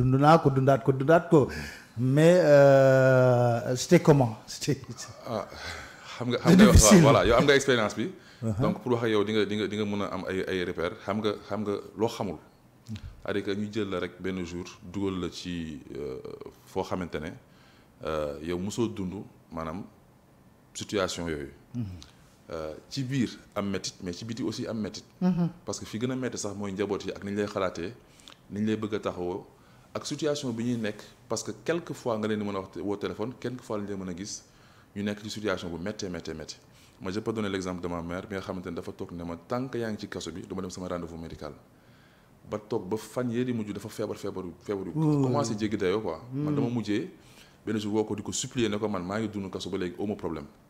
dund naa ko dundaat ko dundaat ko mais euh, c'était comment c'était. ah xam nga xam nga voilà yow am nga expérience bi. Uh-huh. donc pour wax ak yow di nga di nga di nga mën a am ay ay repères xam nga xam nga loo xamul. cest que ñu jël la rek benn jour dugal la ci euh, foo xamante ne euh, yow mosoo dund maanaam situation yooyu. Uh-huh. Euh, ci biir am métit mais ci biti aussi am métit. Uh-huh. parce que fi gën a métti sax mooy njaboot yi ak ni ñu lay xalaatee ni ñu lay bëgg a taxawoo ak situation bi ñuy nekk parce que quelque fois nga leen di mën a wax woo téléphone quelque fois lañ leen mën a gis ñu nekk ci situation bu méttee méttee méttee ma je peux donner l' exemple de ma mère bi nga xamante ne dafa toog ne ma tant que yaa ngi ci kaso bi dama dem sama rendez-vous médical ba toog ba fan yéen di mujj dafa feebar feebar feebar yu commencé jéggi dayoo quoi man dama hmm. mujjee benn jour woo ko di ko supplier ne ko man maa ngi dund kaso ba léegi auma problème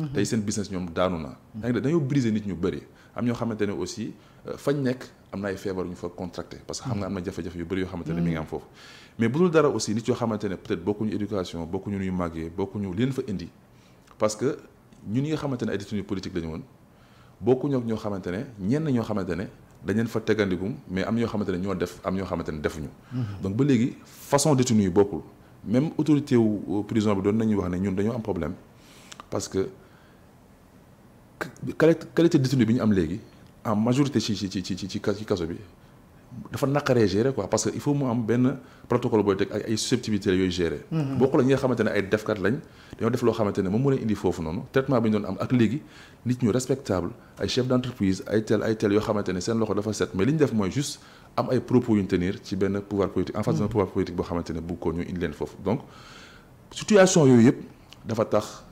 Mm-hmm. tey seen business ñoom daanu na. yaa mm-hmm. ngi dañoo briser nit ñu bëri am ñoo xamante ne aussi euh, fañ nekk am na ay feebar ñu fa contracté parce que xam nga mm-hmm. am na jafe-jafe yu bëri yoo xamante ne mi ngi am foofu. mais bu dara aussi nit yoo xamante ne peut-être bokkuñu éducation bokkuñu ñuy màggee bokkuñu leen fa indi parce que ñun ñi nga xamante ne ay détenus politique lañu woon bokkuñu ak ñoo xamante ne ñenn ñoo xamante ne. dañ leen fa teggandikum mais am ñoo xamante ne ñoo def am ñoo xamante ne defuñu. donc ba léegi façon détenu yi bokkul même autorité wu euh, prison bi doon nañuy wax ne ñun dañoo am problème parce que qualité de détenu bi am légui en majorité ci ci ci ci ci ci bi dafa naqaree gérer quoi parce que il faut mu am ben protocole booy teg ak ay susceptibilité yoy gérer. Mm-hmm. bokk la ñi nga xamante ay defkat lañ dañu def lo xamantene ne mo moo leen indi fofu nonu traitement bi don am ak légui nit ñu respectable ay chef d'entreprise ay tel ay tel yo xamantene ne seen loxo dafa set mais liñ def moy juste am ay propos yu tenir ci ben pouvoir politique en face d'un mm-hmm. pouvoir politique bo xamantene bu ko ñu indi leen fofu donc situation yoy yep dafa tax.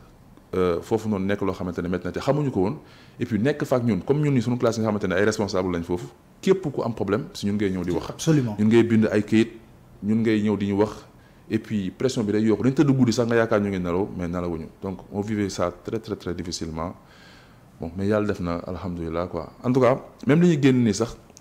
Euh, foofu non nek lo xamantene metna te xamuñu ko won et puis nekk faak ñun comme ñun ni suñu classe yi nga xamante ay responsable lañ foofu képp ku am problème si ñun ngay ñëw di wax absolument ñun ngay bind ay kayit ñun ngay ñëw di ñu wax et puis pression bi day yokk dañ tëdd guddi sax nga yaakaar ñu ngi nelaw mais nelawuñu donc on vivait ça très très très difficilement bon mais yàlla def na alhamdoulillah quoi en tout cas même li ñu génn ni sax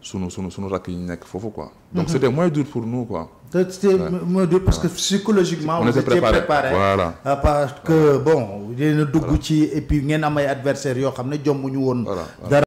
sunu nos sunu rakk yi ñu quoi. donc mhm. c'était moins dur pour nous quoi. c'était moins dur parce que psychologiquement. on était préparé voilà. Ah, parce que bon y a dugg ci et puis ngeen am ay adversaires yoo xam ne jomb ñu woon.